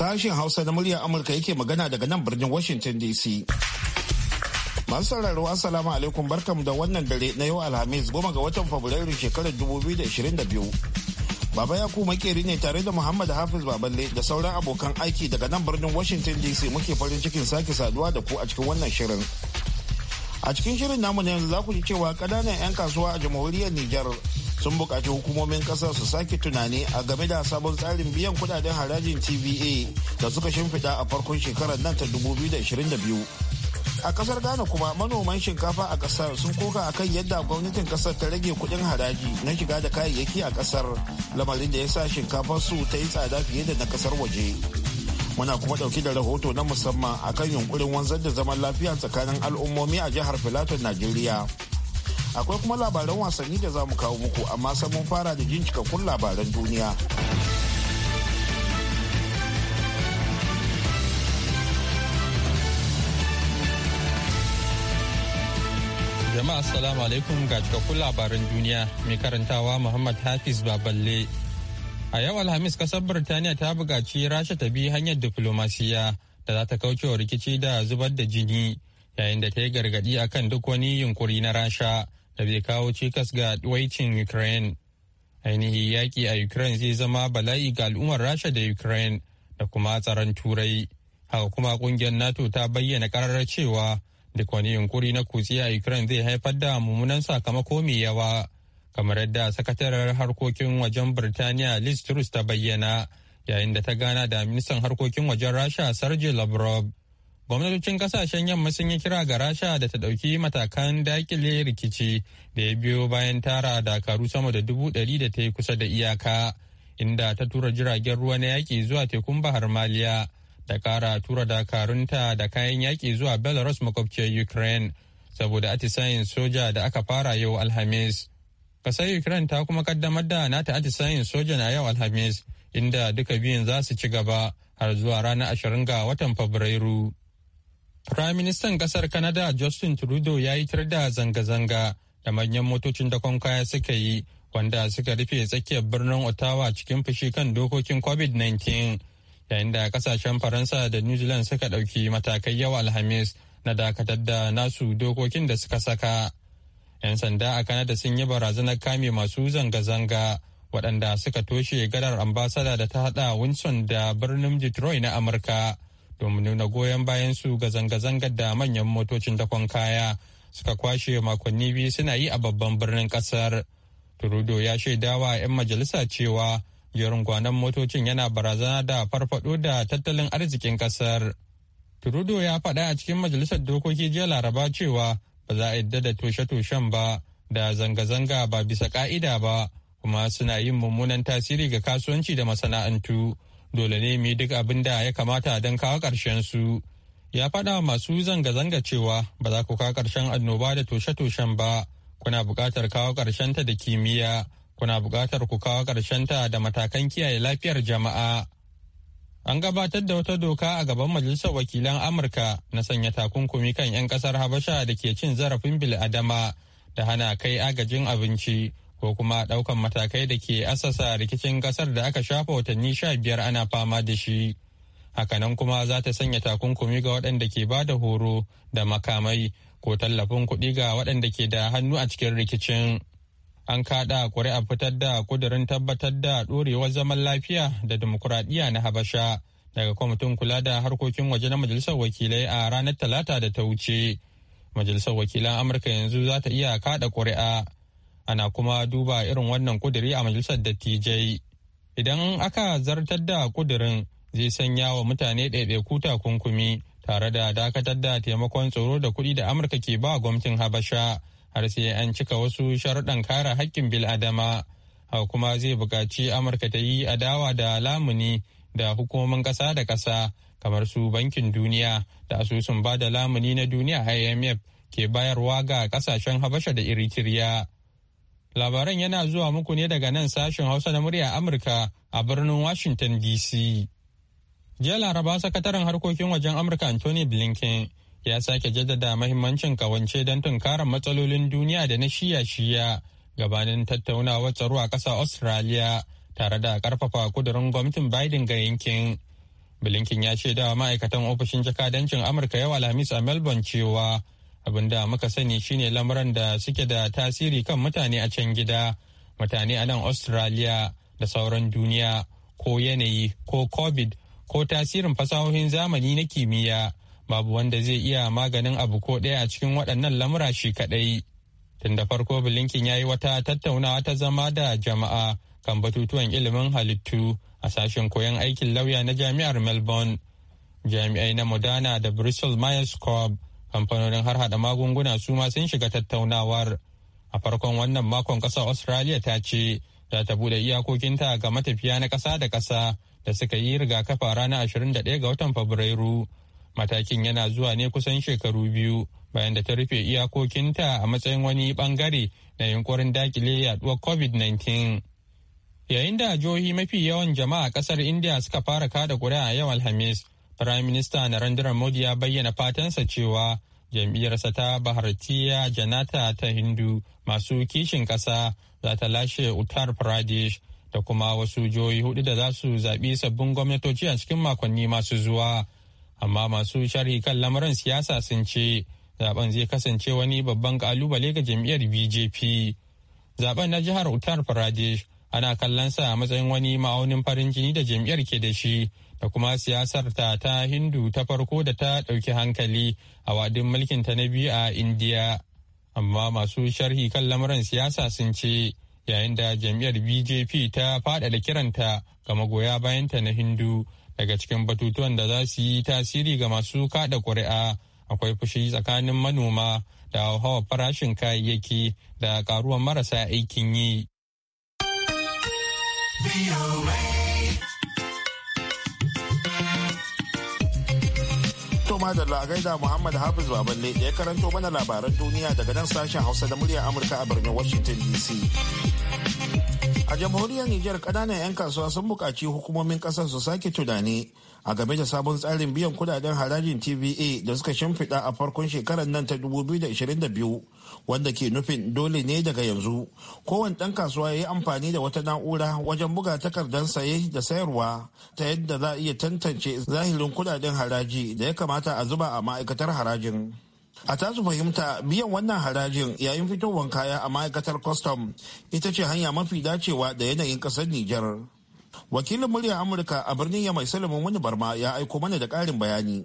Sashen Hausa na muryar Amurka yake magana daga nan birnin Washington DC. Masu sauraro Assalamu alaikum barkamu da wannan dare na yau Alhamis goma ga watan Fabrairu shekarar da biyu. Baba Yakubu makeri ne tare da Muhammad Hafiz Baballe da sauran abokan aiki daga nan birnin Washington DC muke farin cikin sake saduwa da ku a cikin wannan shirin. a cikin shirin namu ne za ku ji cewa ƙananan 'yan kasuwa a jamhuriyar niger sun buƙaci hukumomin ƙasar su sake tunani a game da sabon tsarin biyan kudaden harajin tva da suka shimfiɗa a farkon shekarar nan ta 2022 a ƙasar ghana kuma manoman shinkafa a ƙasar sun koka akan yadda gwamnatin ƙasar ta rage kuɗin haraji na shiga da kayayyaki a ƙasar lamarin da ya sa shinkafar su ta yi tsada fiye da na ƙasar waje muna kuma dauki da rahoto na musamman akan yunkurin wanzar da zaman lafiya tsakanin al'ummomi a jihar filato najeriya akwai kuma labaran wasanni da za mu kawo muku amma sai mun fara da jin cikakkun labaran duniya jama'a assalamu alaikum ga cikakkun labaran duniya mai karantawa muhammad hafiz baballe A yau Alhamis kasar Birtaniya ta buƙaci Rasha ta bi hanyar diflomasiya da za ta wa rikici da zubar da jini yayin da ta yi gargaɗi akan duk wani yunkuri na Rasha da bai kawo cikas ga waicin Ukraine. Ainihi yaƙi a Ukraine zai zama bala'i ga al'ummar Rasha da Ukraine da kuma tsaron Turai. Haka kuma ƙungiyar NATO ta bayyana ƙararra cewa duk wani yunkuri na kutse a Ukraine zai haifar da mummunan sakamako mai yawa. kamar yadda sakataren harkokin wajen birtaniya liz truss ta bayyana yayin da ta gana da ministan harkokin wajen rasha sarje lavrov gwamnatocin kasashen yamma sun yi kira ga rasha da ta ɗauki matakan dakile rikici da ya biyo bayan tara dakaru sama da dubu ɗari da ta yi kusa da iyaka inda ta tura jiragen ruwa na yaki zuwa tekun bahar maliya da ƙara tura dakarunta da kayan yaƙi zuwa belarus makwabciyar ukraine saboda atisayin soja da aka fara yau alhamis Kasar Ukraine ta kuma kaddamar da nata atisayin soja na yau Alhamis, inda duka biyun za su ci gaba har zuwa ranar ashirin ga watan Fabrairu. Prime Minister kasar Canada Justin Trudeau ya yi tar da zanga-zanga da manyan motocin dakon kaya suka yi wanda suka rufe tsakiyar birnin Ottawa cikin fushi kan dokokin COVID-19 yayin da kasashen Faransa da New Zealand suka ɗauki matakai yau Alhamis na dakatar da nasu dokokin da suka saka. 'Yan sanda a Kanada sun yi barazanar kame masu zanga-zanga waɗanda suka toshe gadar ambasada da ta haɗa winston da birnin Detroit na Amurka domin nuna goyon bayan su ga zanga-zangar da manyan motocin dakon kaya suka kwashe makonni biyu suna yi a babban birnin kasar turudo ya shaidawa 'yan majalisa cewa jerin gwanon motocin yana barazana da farfado da tattalin arzikin kasar turudo ya faɗa a cikin majalisar dokoki jiya laraba cewa ba za a yadda da toshe-toshen ba da zanga-zanga ba bisa ka'ida ba kuma suna yin mummunan tasiri ga kasuwanci da masana'antu dole ne mu duk abin da ya kamata don kawo ƙarshen su ya faɗa masu zanga-zanga cewa ba za ku kawo ƙarshen annoba da toshe-toshen ba kuna buƙatar kawo ƙarshen ta da kimiyya kuna buƙatar ku kawo ƙarshen ta da matakan kiyaye lafiyar jama'a An gabatar da wata doka a gaban Majalisar Wakilan Amurka na sanya takunkumi kan 'yan kasar Habasha da ke cin zarafin bil'adama da hana kai agajin abinci ko kuma ɗaukan matakai da ke asasa rikicin kasar da aka shafa watanni sha biyar ana fama da shi. Hakanan kuma za ta sanya takunkumi ga waɗanda ke ba da horo da makamai ko tallafin kuɗi ga waɗanda ke da hannu a cikin rikicin. an kaɗa ƙuri'a fitar da kudirin tabbatar da ɗorewar zaman lafiya da dimokuraɗiyya na habasha daga kwamitin kula da harkokin waje na majalisar wakilai a ranar talata da ta wuce majalisar wakilan amurka yanzu za ta iya kaɗa kuri'a ana kuma duba irin wannan kudiri a majalisar dattijai idan aka zartar da kudirin zai sanya wa mutane ɗaiɗaiku kunkumi tare da dakatar da taimakon tsoro da kuɗi da amurka ke ba gwamnatin habasha har sai an cika wasu sharuɗan kare haƙƙin bil'adama hau kuma zai buƙaci amurka ta yi adawa da lamuni da hukumomin ƙasa da ƙasa kamar su bankin duniya da asusun ba da lamuni na duniya imf ke bayarwa ga ƙasashen habasha da eritrea labaran yana zuwa muku ne daga nan sashen hausa na murya amurka a birnin washington dc jiya laraba sakataren harkokin wajen amurka anthony blinken ya sake jaddada mahimmancin kawance don tunkarar matsalolin duniya da na shiya-shiya gabanin tattaunawar tsaro a ƙasa australia tare da ƙarfafa kudurin gwamnatin biden ga yankin bilinkin ya ce da ma'aikatan ofishin jakadancin amurka yau alhamis a melbourne cewa abin da muka sani shine lamuran da suke da tasiri kan mutane a can gida mutane a nan australia da sauran duniya ko yanayi ko covid ko tasirin fasahohin zamani na kimiyya babu wanda zai iya maganin abu ko ɗaya a cikin waɗannan lamura shi kaɗai. Tun da farko bilinkin ya yi wata tattaunawa ta zama da jama'a kan batutuwan ilimin halittu a sashen koyon aikin lauya na jami'ar Melbourne. Jami'ai na Modana da Bristol Myers corp kamfanonin har hada magunguna su ma sun shiga tattaunawar. A farkon wannan makon ƙasar Australia ta ce za ta bude iyakokinta ga matafiya na ƙasa da ƙasa da suka yi rigakafa ranar 21 ga watan Fabrairu matakin yana zuwa ne kusan shekaru biyu bayan da ta rufe iyakokinta a matsayin wani bangare na yunkurin dakile yaduwar covid-19 yayin da jihohi mafi yawan jama'a kasar india suka fara kada kuri'a yau alhamis prime minister narendra modi ya bayyana fatansa cewa jam'iyyarsa ta bahartiya janata ta hindu masu kishin kasa za ta lashe uttar pradesh da kuma wasu jihohi hudu da za su zaɓi sabbin gwamnatoci a cikin makonni masu zuwa amma masu sharhi kan lamarin siyasa sun ce zaben zai kasance wani babban kalubale ga jam'iyyar bjp zaben na jihar uttar pradesh ana sa a matsayin wani ma'aunin farin jini da jam'iyyar ke da shi da kuma siyasar ta ta hindu ta farko da ta ɗauki hankali a wadin mulkin ta na biyu a indiya amma masu sharhi kan lamuran siyasa sun ce yayin da jam'iyyar bjp ta faɗaɗa kiranta ga magoya bayanta na hindu daga cikin batutuwan da za su yi tasiri ga masu kada ƙuri'a akwai fushi tsakanin manoma da hawa farashin kayayyaki da karuwan marasa aikin yi. Toma da gaida Muhammad Hafiz Baballe ya karanto mana labaran duniya daga nan sashen Hausa da murya Amurka a birnin Washington DC. A jamhuriyar Nijar ƙananan 'yan kasuwa sun buƙaci hukumomin ƙasar su sake tunani a game da sabon tsarin biyan kudaden harajin TVA da suka shimfiɗa a farkon shekarar nan ta 2022 wanda ke nufin dole ne daga yanzu. Kowane ɗan kasuwa ya yi amfani da wata na'ura wajen buga takardar saye da sayarwa ta yadda za a iya tantance zahirin kudaden haraji da ya kamata a zuba a ma'aikatar harajin. a tasu fahimta biyan wannan harajin yayin fitowar kaya a ma'aikatar kwastam ita ce hanya mafi dacewa da yanayin kasar nijar wakilin Murya amurka a birnin yamai salamin wani barma ya aiko mana da ƙarin bayani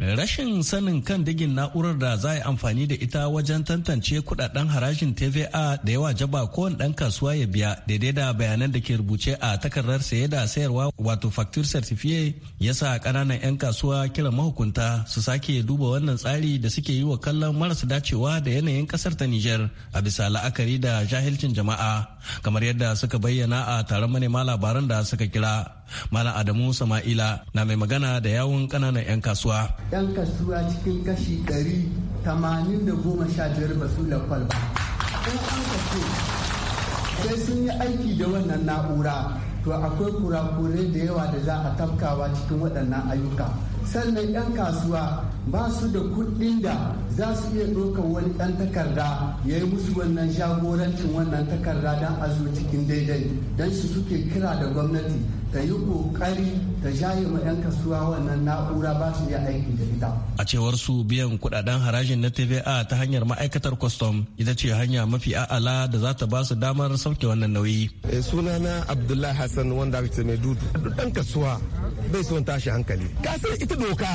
Rashin sanin kan digin na'urar da za a yi amfani da ita wajen tantance kudaden harajin TVA da yawa jaba kowane ɗan kasuwa ya biya daidai da bayanan da ke rubuce a takardar saye da sayarwa wato factor certificate ya sa ƙananan 'yan kasuwa kiran mahukunta su sake duba wannan tsari da suke yi wa kallon marasa dacewa da yanayin ƙasar ta Nijar a bisa la'akari da jahilcin jama'a kamar yadda suka bayyana a taron manema labaran da suka kira. Malam Adamu Sama'ila na mai magana da yawun ƙananan 'yan kasuwa. 'Yan kasuwa cikin kashi ɗari tamanin da goma sha biyar ba su lafal ba. sai sun yi aiki da wannan na'ura to akwai kurakurai da yawa da za a tafkawa cikin waɗannan ayyuka sannan 'yan kasuwa ba su da kuɗin da za su iya ɗaukar wani ɗan takarda ya yi musu wannan shagorancin wannan takarda don a zo cikin daidai don su suke kira da gwamnati ta yi ƙoƙari ta jaye ma 'yan kasuwa wannan na'ura ba su iya aiki da ita. A cewar su biyan kuɗaɗen harajin na TVA ta hanyar ma'aikatar kwastam ita ce hanya mafi a'ala da za ta ba su damar sauke wannan nauyi. Eh, sunana Abdullahi Hassan wanda aka ce mai dudu. Ɗan kasuwa bai son tashi hankali. Ka san ita doka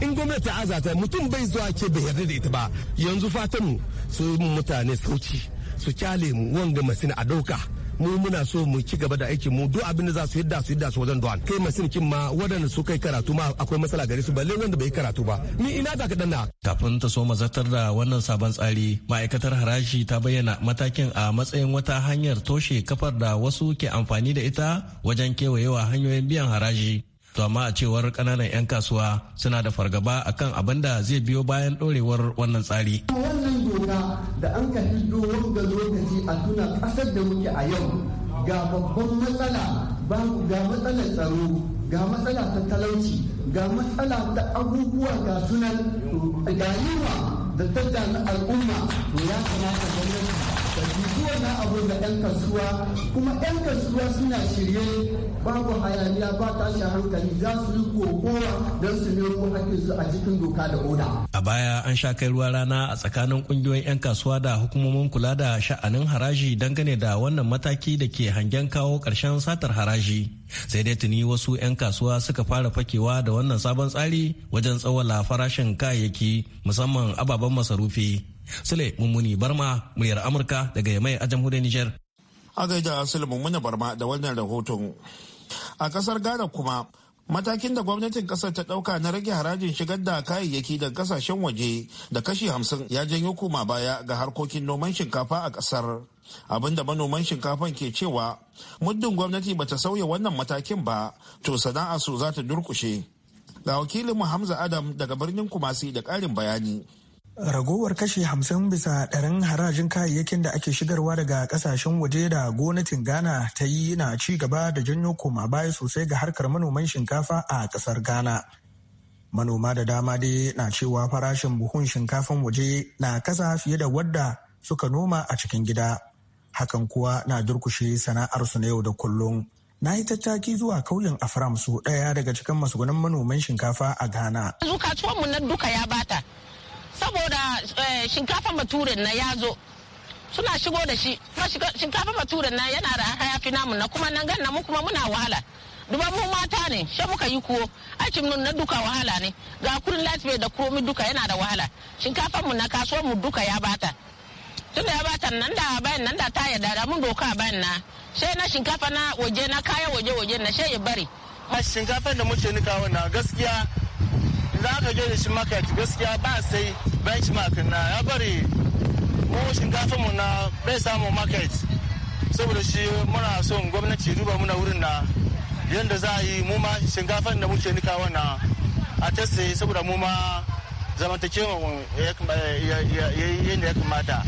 in gwamnati aza ta mutum bai zuwa ke bai yarda da ita ba yanzu fatanmu su mutane sauci su kyale mu wanga masina a dauka mu muna so mu ci gaba da aikin mu duk abin da za su yadda su yadda su wajen duwan kai masin kin ma waɗanda su kai karatu ma akwai matsala gare su balle wanda bai karatu ba ni ina za ka danna kafin ta so mazatar da wannan sabon tsari ma'aikatar haraji ta bayyana matakin a matsayin wata hanyar toshe kafar da wasu ke amfani da ita wajen kewayewa hanyoyin biyan haraji to amma a cewar kananan 'yan kasuwa suna da fargaba akan abin da zai biyo bayan ɗorewar wannan tsari wannan doka da an ka hiddo wanga lokaci a tuna ƙasar da muke a yau ga babban matsala ga matsalar tsaro ga matsala ta talauci ga matsala ta abubuwa ga sunan ga yiwa da tattalin al'umma to ya kamata gwamnati ta wannan abu ga 'yan kasuwa kuma 'yan kasuwa suna shirye babu hayaniya ba tashin hankali za su yi kokowa don su nemo su a cikin doka da oda. A baya an sha kai ruwa rana a tsakanin kungiyoyin 'yan kasuwa da hukumomin kula da sha'anin haraji dangane da wannan mataki da ke hangen kawo ƙarshen satar haraji. Sai dai tuni wasu 'yan kasuwa suka fara fakewa da wannan sabon tsari wajen tsawala farashin kayayyaki musamman ababen masarufi. Sule Mummuni Barma muryar Amurka daga Yamai a jamhuriyar Nijar. A gaida Sule Mummuni Barma da wannan rahoton. A kasar Ghana kuma matakin da gwamnatin kasar ta dauka na rage harajin shigar da kayayyaki da kasashen waje da kashi hamsin ya janyo koma baya ga harkokin noman shinkafa a kasar abinda manoman shinkafan ke cewa muddin gwamnati bata sauya wannan matakin ba to sana'a su za ta durkushe ga wakilinmu hamza adam daga birnin kumasi da ƙarin bayani ragowar kashi hamsin bisa ɗarin harajin kayayyakin da ake shigarwa daga ƙasashen waje da gonatin ghana ta yi na ci gaba da janyo koma baya sosai ga harkar manoman shinkafa a ƙasar ghana manoma da dama dai na cewa farashin buhun shinkafan waje na kasa fiye da wadda suka noma a cikin gida hakan kuwa na durkushe sana'arsu na yau da kullum na yi tattaki zuwa kauyen afram su ɗaya daga cikin masugunan manoman shinkafa a ghana zuka mu na duka ya bata Eh, shinkafa maturin na ya zo suna shigo da shi shinkafa maturin na yana da hayafi namu na kuma nan gan mu kuma muna wahala duba mu mata ne she muka yi kuwo aikin nun na duka wahala ne ga kurin lafiya da komi duka yana da wahala shinkafa mu na kasuwa mu duka ya bata tunda ya bata nan da bayan nan da ta ya da mun doka bayan na sai na shinkafa na waje na kaya waje waje na sai ya bari a shinkafan da muke nika wannan gaskiya zaka ka je da shi makaci gaskiya ba sai benchmark na ya bari mu shinkafa mu na bai samu market saboda shi muna son gwamnati duba muna wurin na yadda za a yi mu ma shinkafan da muke nikawa na a tasse saboda mu ma zamantakewa yadda ya kamata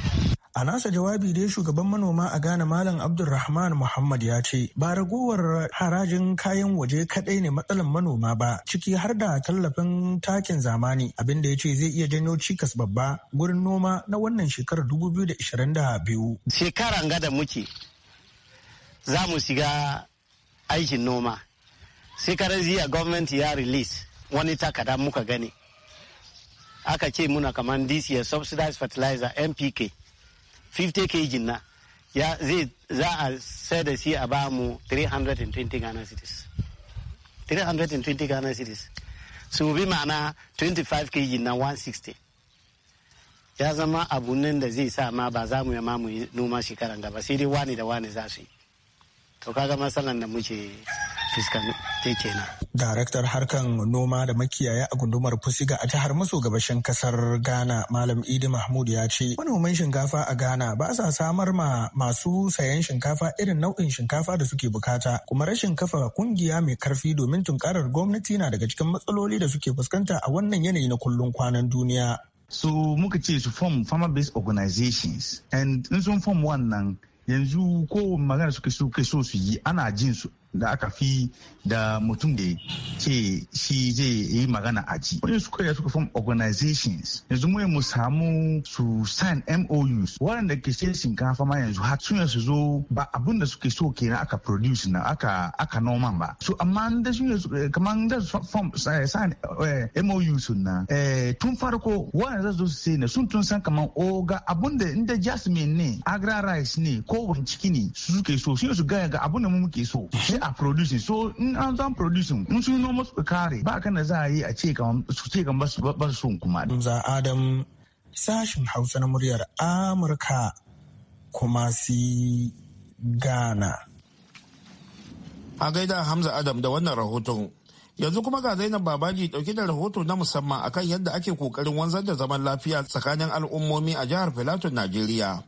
A nasa jawabi dai shugaban manoma a Ghana Malam Abdulrahman Muhammad ya ce ba ragowar harajin kayan waje kadai ne matsalan manoma ba ciki har da tallafin takin zamani abin da ya ce zai iya janyo cikas babba gurin noma na wannan shekarar 2022. Shekaran gada muke za mu shiga aikin noma. Shekaran jiya gwamnati ya release wani takada muka gani. Aka ce muna kamar dc subsidized fertilizer MPK. 50 kg na ya zai za a sai da shi a ba mu 320 Ghana cities 320 Ghana cities su bi ma'ana 25 kg na 160 ya zama abu nan da zai sa ma ba za mu ya mamu noma shekaran gaba sai dai wani da wani za su yi to kaga matsalan da muke ke kenan. Daraktar harkan noma da makiyaya a gundumar Fusiga a jihar maso gabashin kasar Ghana Malam Idi Mahmud ya ce manoman shinkafa a Ghana ba sa samar ma masu sayan shinkafa irin nau'in shinkafa da suke bukata kuma rashin kafa kungiya mai karfi domin tunkarar gwamnati na daga cikin matsaloli da suke fuskanta a wannan yanayi na kullum kwanan duniya. So muka ce su form farmer based organizations and in sun form wannan yanzu ko magana suke so su yi ana jin su da aka fi da mutum da ce shi zai yi magana a ji. Wani suka yi suka form organizations yanzu mu mu samu su sign MOUs waɗanda ke sai shinkafa ma yanzu har sun su zo ba abin da suke so aka produce na aka aka noman ba. So amma da eh, eh, eh, sun kamar da form sign MOUs na tun farko waɗanda zo su sai na sun tun san kamar oga oh, abin da inda jasmine ne agra rice ne ko ciki ne su suke so sun su gaya ga abin da mu muke so. sai a producing so in an zan producing in sun no su kare ba kana za a yi a ce kan su ce kamar ba su kuma. Za Adam sashin Hausa na muryar Amurka kuma si Ghana. A gaida Hamza Adam da wannan rahoton. Yanzu kuma ga Zainab Babaji dauke da rahoto na musamman akan yadda ake kokarin wanzar da zaman lafiya tsakanin al'ummomi a jihar Filato, Najeriya.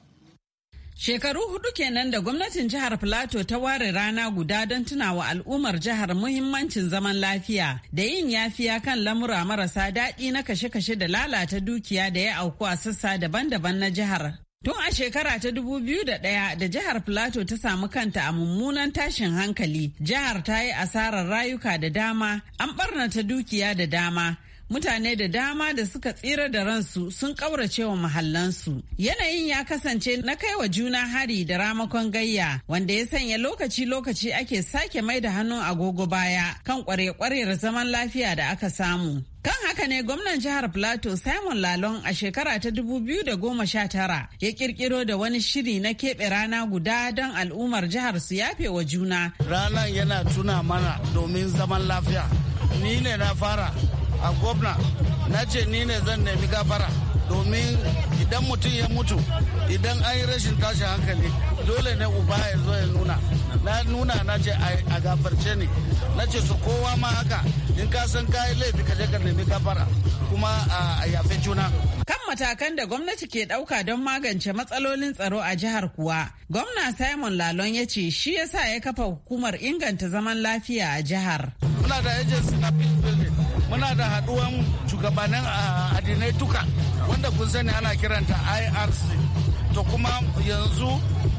Shekaru hudu kenan da gwamnatin jihar Filato ta ware rana guda don tunawa al'ummar jihar muhimmancin zaman lafiya da yin yafiya kan lamura marasa daɗi na kashe-kashe da lalata dukiya da ya auku a sassa daban-daban na jihar. Tun a shekara ta dubu biyu da ɗaya da jihar Filato ta samu kanta a mummunan tashin hankali, jihar ta yi asarar rayuka da dama, an ɓarnata dukiya da dama. mutane da dama da suka tsira da ransu sun kaurace wa mahallansu. Yanayin ya kasance na kai wa juna hari da ramakon gayya wanda ya sanya lokaci-lokaci ake sake mai da hannun agogo baya kan kware-kwarewar zaman lafiya da aka samu. Kan haka ne gwamnan jihar Plateau Simon Lalon a shekara ta 2019 ya kirkiro da wani shiri na keɓe rana guda don al'ummar jihar su yafe wa juna. Ranar yana tuna mana domin zaman lafiya. Ni ne na fara a gwamna na ce ni ne zan nemi gafara domin idan mutum ya mutu idan an yi rashin tashin hankali dole ne uba ya zo ya nuna na nuna na ce a gafarce ne na ce su kowa ma haka in ka san kayi laifi ka je ka nemi gafara kuma a yafe juna kan matakan da gwamnati ke ɗauka don magance matsalolin tsaro a jihar kuwa gwamna simon lalon ya ce shi yasa ya kafa hukumar inganta zaman lafiya a jihar muna da agency na muna da haduwan shugabannin addinai tuka wanda kun sani ana kiranta irc to kuma yanzu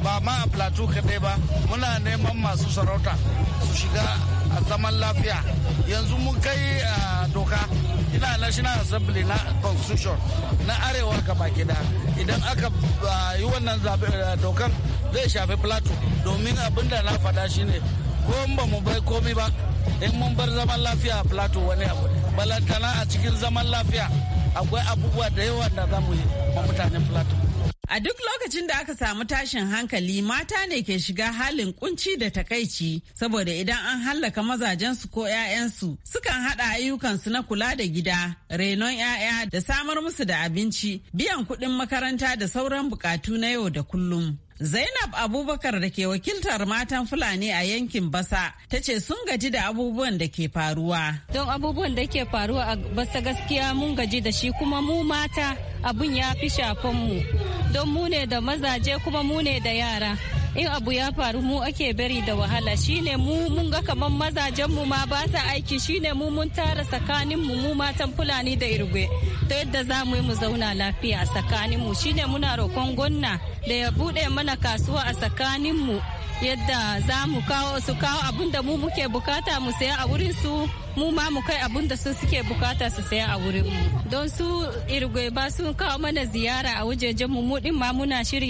ba ma a plateau kaɗai ba muna neman masu sarauta su shiga a zaman lafiya yanzu mun kai doka ina national assembly na constitution na arewa gaba gida idan aka yi wannan dokan zai shafi plateau domin abinda na faɗa shine ko ba mu bai komi ba in mun bar zaman lafiya a plateau wani abu ne balantana a cikin zaman lafiya akwai abubuwa da yawa da za mu yi ma mutanen plateau A duk lokacin da aka samu tashin hankali mata ne ke shiga halin kunci da takaici saboda idan an hallaka mazajensu ko 'ya'yansu sukan haɗa ayyukansu na kula da gida, renon 'ya'ya da samar musu da abinci, biyan kuɗin makaranta da sauran bukatu na yau da kullum. Zainab Abubakar da ke wakiltar matan Fulani a yankin Basa ta ce sun gaji da abubuwan da ke faruwa. Don abubuwan da ke faruwa a Basa gaskiya mun gaji da shi kuma mu mata abun ya fi shafan mu. Don mu ne da mazaje kuma mu ne da yara. in abu ya faru mu ake bari da wahala shine mu mun ga kaman mazajen mu ma ba sa aiki shine mu mun tara tsakanin mu mu matan fulani da irgwe ta yadda za mu yi mu zauna lafiya a tsakanin mu shine muna roƙon gwamna da ya bude mana kasuwa a tsakanin mu yadda za mu kawo su kawo abin da mu muke bukata mu saya a wurin su mu ma mu kai abin da su suke bukata su saya a wurin mu don su irgwe ba sun kawo mana ziyara a wajejen mu mu din ma muna shiri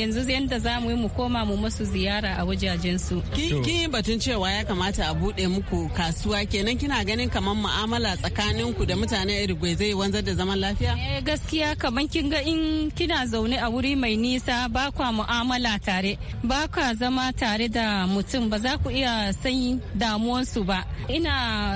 yanzu yanda za mu yi mu koma mu masu ziyara a wajajen su kin yi batun cewa ya kamata a bude muku kasuwa kenan kina ganin kamar mu'amala tsakanin ku da mutanen irgwe zai wanzar da zaman lafiya eh gaskiya kamar kin ga in kina zaune a wuri mai nisa ba kwa mu'amala tare ba kwa zama tare da mutum ba za ku iya sanyi damuwansu ba ina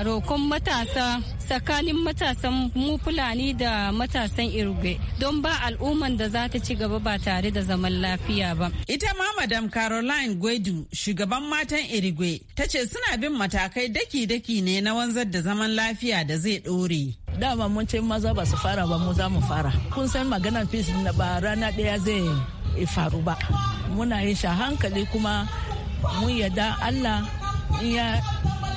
rokon matasa tsakanin matasan mu fulani da matasan irbe don ba al'umman da za ta ci gaba ba tare da zaman lafiya ba. Ita ma Madam Caroline Gwedu shugaban matan Irigwe ta ce suna bin matakai daki-daki ne na wanzar da zaman lafiya da zai ɗore. Dama mun ce maza ba su fara ba mu za mu fara. Kun san maganar peace na ba rana ɗaya zai faru ba. Muna yin sha hankali kuma mun yarda Allah in ya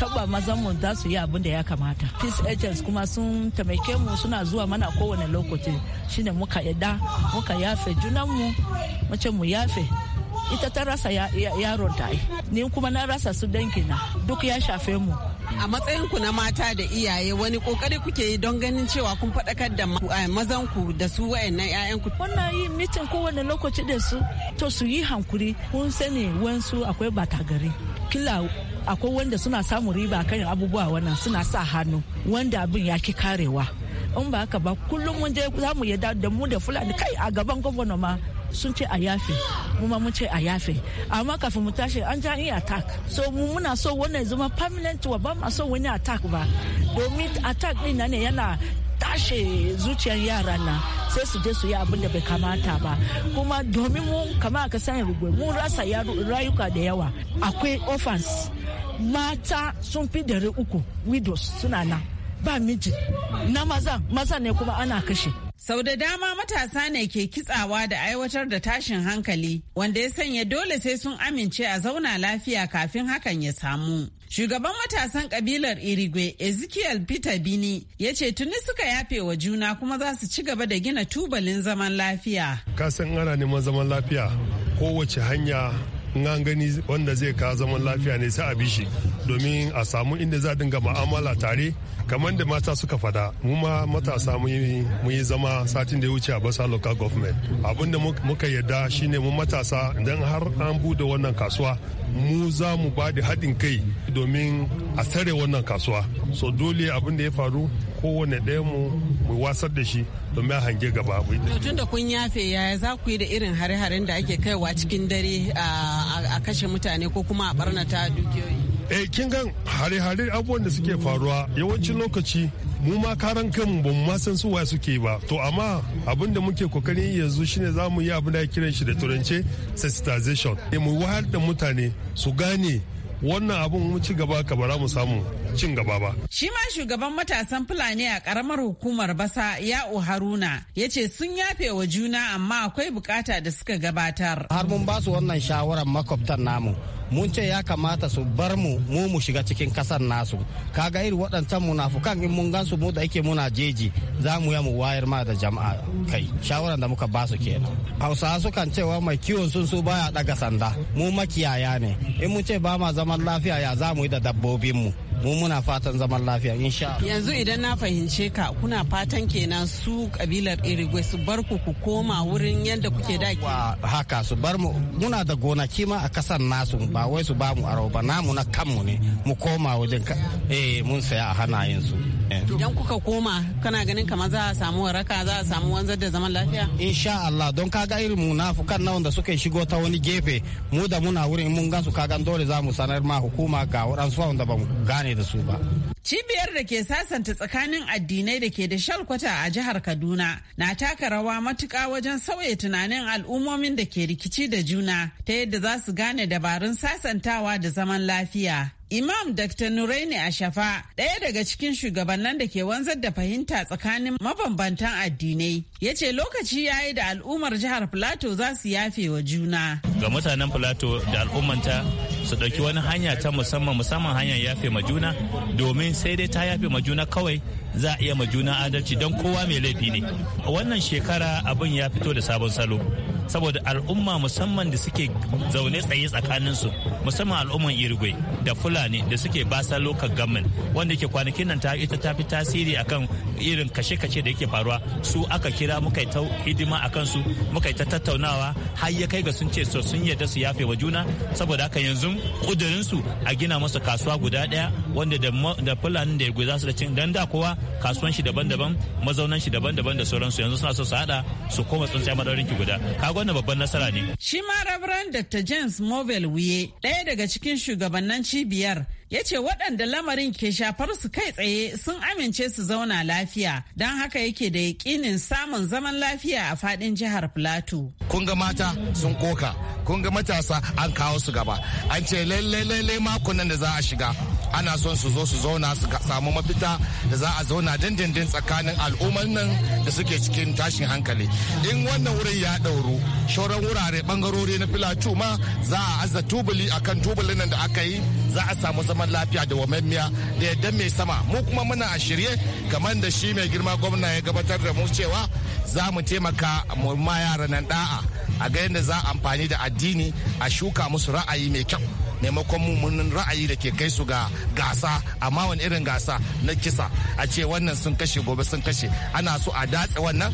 taba mazan mu za su yi abin da ya kamata peace agents kuma sun taimake mu suna zuwa mana kowane lokaci shine muka yadda muka yafe junanmu mace mu yafe ita ta rasa yaron ta ni kuma na rasa su dangina duk ya shafe mu a matsayin ku na mata da iyaye wani kokari kuke yi don ganin cewa kun faɗakar da mazan ku da su wayannan ƴaƴan ku wannan yi mitin kowane lokaci da su to su yi hankuri kun sani wansu akwai bata gari kila akwai wanda suna samun riba kan abubuwa wannan suna sa hannu wanda abin ya ki karewa in ba haka ba kullum mun je za mu yadda da mu da fulani kai a gaban gwamna ma sun ce a yafe mu ma mun ce a yafe amma kafin mu tashi an ja iya attack so mu muna so wannan zama permanent wa ba ma so wani attack ba domin attack din nan ne yana tashe zuciyar yara na sai su je su yi abin da bai kamata ba kuma domin mu kama aka sanya rigwe mun rasa rayuka da yawa akwai offense mata sun fi dari uku widows suna nan ba miji na maza maza ne kuma ana kashe Sau da dama matasa ne ke kitsawa da aiwatar da tashin hankali wanda ya sanya dole sai sun amince a zauna lafiya kafin hakan ya samu. Shugaban matasan kabilar Irigwe Ezekiel Peter Bini ya ce tuni suka yafe wa juna kuma za su ci gaba da gina tubalin zaman lafiya. Kasan ana neman zaman lafiya kowace hanya in gani wanda zai ka zaman lafiya ne sai a bi shi domin a samu inda za dinga ma'amala tare kamar da mata suka fada mu ma matasa mu yi zama satin da ya wuce a basa local government abinda muka yarda shine mu matasa idan har an bude wannan kasuwa mu za mu ba da haɗin kai domin a tsare wannan kasuwa so dole abin da ya faru kowane ɗaya mu mu wasar da shi domin a hange gaba abu tun da kun yafe yaya za ku yi da irin hare-haren da ake kaiwa cikin dare a kashe mutane ko kuma a barnata dukiyoyi eh kin gan hare-hare abubuwan da suke faruwa yawancin lokaci mu ma karan kanmu ba mu ma san su wa suke ba to amma abin da muke kokarin yanzu shine za mu yi abin da kiran shi da turanci sensitization eh, mu wahar da mutane su gane wannan abun mu ci gaba ka bara mu samu cin gaba ba. Shi ma shugaban matasan Fulani a karamar hukumar Basa Ya'u Haruna ya ce sun yafe wa juna amma akwai bukata da suka gabatar. Har mun ba su wannan shawarar makwabtan namu. mun ce ya kamata su bar mu mu mu shiga cikin kasar nasu kaga iri waɗancan munafukan in mun gansu mu da yake muna jeji za mu mu wayar ma da jama'a kai shawaran da muka basu kenan hausawa sukan cewa mai kiwon sun su baya daga sanda mu makiyaya ne in mun ce ba ma zaman lafiya ya za mu yi da dabbobin mu. mu muna fatan zaman lafiya insha Allah yanzu idan na fahimce ka kuna fatan kenan su kabilar Irigwe su bar ku ku koma wurin yadda kuke daki haka su bar mu muna da gonaki ma a kasan nasu ba wai su ba mu aro ba namu na kanmu ne mu koma wajen eh mun saya a hannayen su eh. idan kuka koma kana ganin kamar za a samu waraka za a samu wanzar da zaman lafiya insha Allah don kaga irin mu na wanda suka shigo ta wani gefe mu da muna wurin mun su kagan dole za mu sanar ma hukuma ga waɗansu wanda ba mu gane da su ba. Cibiyar da ke sasanta tsakanin addinai da ke da shalkwata a jihar Kaduna na taka rawa matuƙa wajen sauya tunanin al'ummomin da ke rikici da juna ta yadda za su gane dabarun sasantawa da zaman lafiya. Imam Dr. Nuraini Ashafa ɗaya daga cikin shugabannin da ke wanzar da fahimta tsakanin mabambantan addinai ya ce lokaci ya yi da al'ummar jihar plato za su yafe wa juna. Ga mutanen plato da al'ummanta su ɗauki wani hanya ta musamman musamman hanyar yafe ma juna domin sai dai ta yafe ma juna kawai za a iya ma juna adalci don kowa mai laifi ne. Wannan shekara abin ya fito da sabon salo. saboda al'umma musamman da suke zaune tsaye tsakaninsu musamman al'umman irigwe da fulani da suke basa local government wanda ke kwanakin nan ita ta fi tasiri akan irin kashe-kashe da yake faruwa su aka kira hira muka yi ta hidima a kansu muka ta tattaunawa har ya kai ga sun ce sun yarda su yafe wa juna saboda haka yanzu kudurin su a gina masa kasuwa guda daya wanda da fulani da ya za su da cin dan da kowa kasuwan shi daban-daban mazaunan shi daban-daban da sauransu yanzu suna so su hada su koma tsuntsiya madaurin ki guda kaga wannan babban nasara ne shi ma rabran Dr. James mobile Wuye ɗaya daga cikin shugabannin cibiyar ya ce waɗanda lamarin ke shafar su kai tsaye sun amince su zauna lafiya don haka yake da yakinin samun zaman lafiya a faɗin jihar Filato. Kun ga mata sun koka, kun ga matasa an kawo su gaba, an ce lallai makonnan da za a shiga ana son su zo su zauna su samu mafita da za a zauna dindindin tsakanin al'ummar nan da suke cikin tashin hankali. In wannan wurin ya ɗauru, shauran wurare bangarori na Filato ma za a aza tubuli akan tubulin nan da aka yi za a samu zaman zaman lafiya da wamammiya da yadda mai sama mu kuma muna a shirye kamar da shi mai girma gwamna ya gabatar da mu cewa za mu taimaka mu ma yara nan da'a a ga yadda za amfani da addini a shuka musu ra'ayi mai kyau maimakon munin ra'ayi da ke kai su ga gasa amma wani irin gasa na kisa a ce wannan sun kashe gobe sun kashe ana so a datse wannan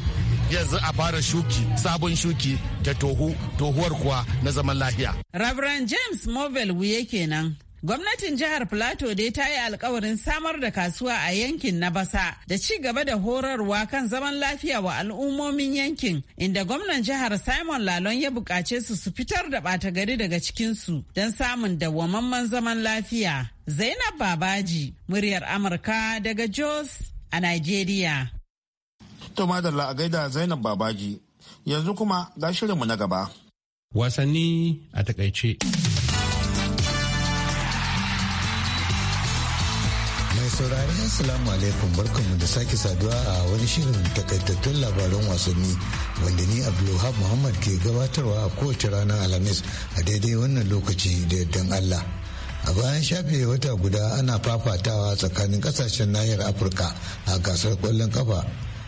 yanzu a fara shuki sabon shuki ta tohu tohuwar kuwa na zaman lafiya. Reverend James Mobile Wuye kenan Gwamnatin jihar Plateau dai ta yi alkawarin samar da kasuwa a yankin na Basa da ci gaba da horarwa kan zaman lafiya wa al'ummomin yankin inda gwamnan jihar Simon Lalon ya bukace su su fitar da bata gari daga cikinsu don samun dawwamamman zaman lafiya. Zainab Babaji, muryar Amurka daga Jos a Nigeria. To madalla a Zainab Babaji, yanzu kuma ga shirinmu na gaba. Wasanni a takaice. saurari assalamu alaikum barkanmu da sake saduwa a wani shirin takaitattun labaran wasanni wanda ni abdulhab muhammad ke gabatarwa a kowace ranar alhamis a daidai wannan lokaci da yardan allah a bayan shafe wata guda ana fafatawa tsakanin kasashen nahiyar afirka a gasar kwallon kafa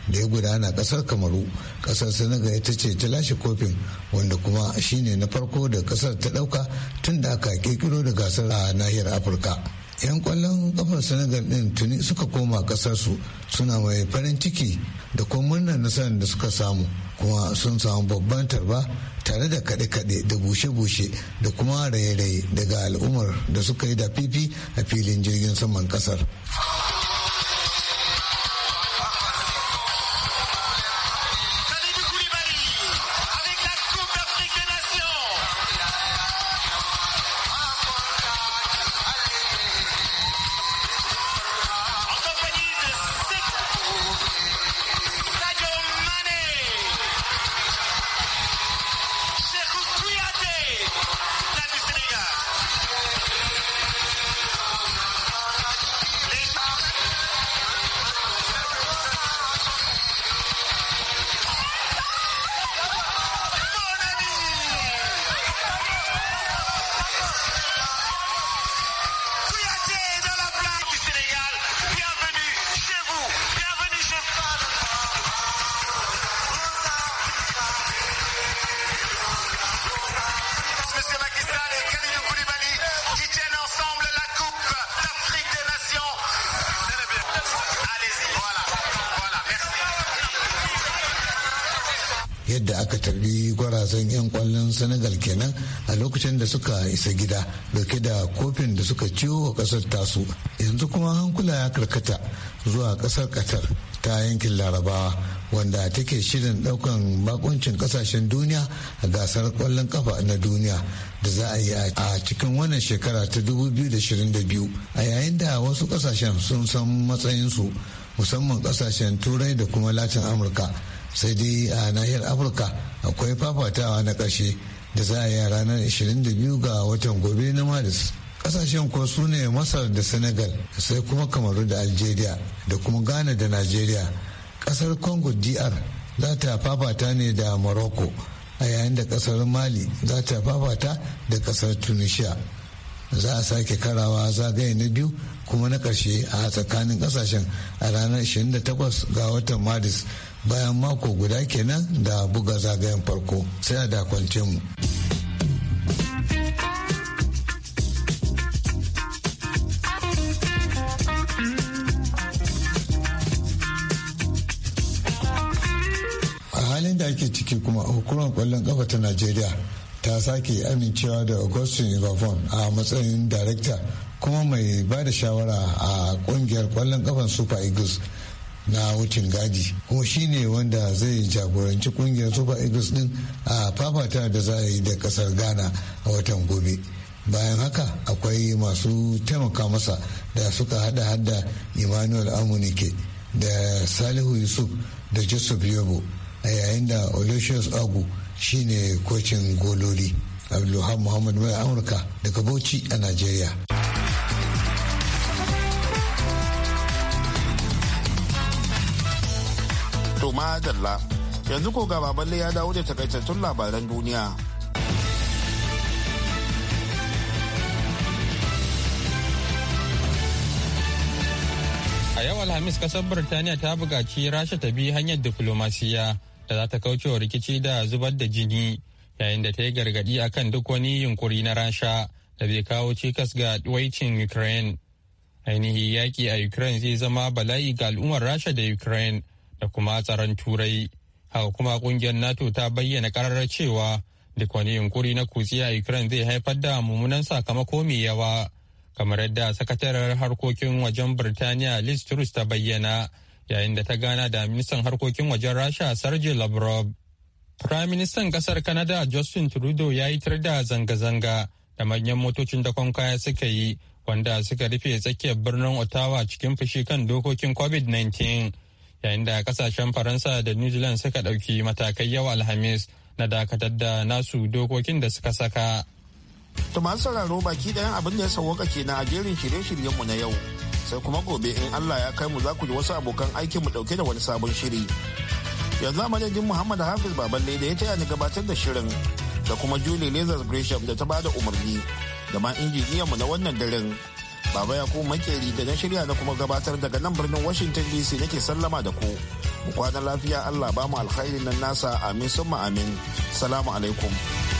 da ya gudana kasar kamaru kasar senegal ita ce ta lashe kofin wanda kuma shine na farko da kasar ta dauka tun da aka ƙirƙiro da gasar a nahiyar afirka 'yan kwallon kafar senegal din tuni suka koma kasarsu suna mai farin ciki da kuma murnar nasarar da suka samu kuma sun samu babban tarba tare da kaɗe-kaɗe da bushe-bushe da kuma raye-raye daga al'ummar da suka yi da fifi a filin jirgin saman kasar. yadda aka tarbi gwarazan 'yan kwallon senegal kenan a lokacin da suka isa gida dauke da kofin da suka ciwo a kasar tasu yanzu kuma hankula ya karkata zuwa kasar qatar ta yankin larabawa wanda take shirin daukan bakuncin kasashen duniya a gasar kwallon kafa na duniya da za a yi a cikin wannan shekara ta 2022 a yayin da wasu kasashen sun san matsayinsu musamman kasashen turai da kuma latin amurka sai dai a nahiyar afirka akwai fafatawa na ƙarshe da za a yi a ranar 22 ga watan gobe na maris kasashen kuwa su ne masar da senegal sai kuma kamaru da algeria da kuma ghana da nigeria ƙasar congo dr za ta fafata ne da morocco a yayin da ƙasar mali za ta fafata da ƙasar tunisia za a sake karawa zagaye na biyu kuma na ƙarshe a tsakanin ƙasashen a ranar 28 ga watan maris bayan mako guda kenan da buga zagayen farko sai a dakwance mu. ake ciki kuma hukumar kwallon kafa ta najeriya ta sake amincewa da augustin ivavon a matsayin darekta kuma mai ba da shawara a kungiyar kwallon kafan super eagles na wucin gadi kuma shine wanda zai jagoranci kungiyar super eagles din a fafata da za a yi da kasar ghana a watan gobe bayan haka akwai masu taimaka masa da suka hada hada emmanuel amunike da salihu yusuf da joseph yobo a yayin da olusius agu shine kocin gololi abdulhamid muhammad mai amurka daga bauchi a nigeria To Dalla. yanzu ko gaba balle ya dawo da takaitattun labaran duniya. A yau Alhamis kasar Birtaniya ta bugaci Rasha ta bi hanyar diflomasiya da za ta kaucewa rikici da zubar da jini yayin da ta yi gargadi akan duk wani yunkuri na Rasha da zai kawo cikas ga waicin Ukraine. Ainihi yaƙi a Ukraine zai zama bala'i ga al'ummar Rasha da Ukraine da kuma tsaron turai haka kuma kungiyar nato ta bayyana kararar cewa duk wani yunkuri na kutse a ukraine zai haifar da mummunan sakamako mai yawa kamar yadda sakataren harkokin wajen birtaniya liz truss ta bayyana yayin da ta gana da ministan harkokin wajen rasha sergei lavrov prime ministan kasar canada justin trudeau ya yi tar da zanga-zanga da manyan motocin dakon kaya suka yi wanda suka rufe tsakiyar birnin ottawa cikin fushi kan dokokin covid-19 yayin da kasashen faransa da new zealand suka ɗauki matakai yau alhamis na dakatar da nasu dokokin da suka saka to masu sauraro baki ɗayan abin da ya sauwaka kenan a jerin shirye-shiryenmu na yau sai kuma gobe in allah ya kai mu za ku ji wasu abokan aikin mu ɗauke da wani sabon shiri yanzu a madadin muhammad hafiz baban da ya taya ni gabatar da shirin da kuma julie lazarus gresham da ta bada umarni da ma mu na wannan daren Baba ya kuma makeri da na shirya na kuma gabatar daga nan birnin Washington DC nake sallama da ku. Mu kwana lafiya Allah ba mu alkhairin nan nasa amin summa amin. Salamu alaikum.